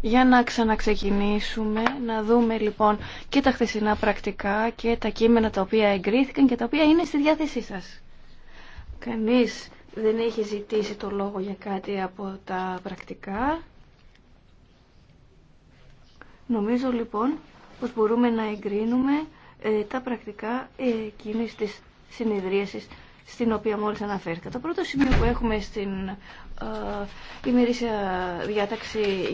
Για να ξαναξεκινήσουμε, να δούμε λοιπόν και τα χθεσινά πρακτικά και τα κείμενα τα οποία εγκρίθηκαν και τα οποία είναι στη διάθεσή σας. Κανείς δεν έχει ζητήσει το λόγο για κάτι από τα πρακτικά. Νομίζω λοιπόν πως μπορούμε να εγκρίνουμε ε, τα πρακτικά εκείνης της συνεδρίασης στην οποία μόλις αναφέρθηκα. Το πρώτο σημείο που έχουμε στην ε, ημερήσια διάταξη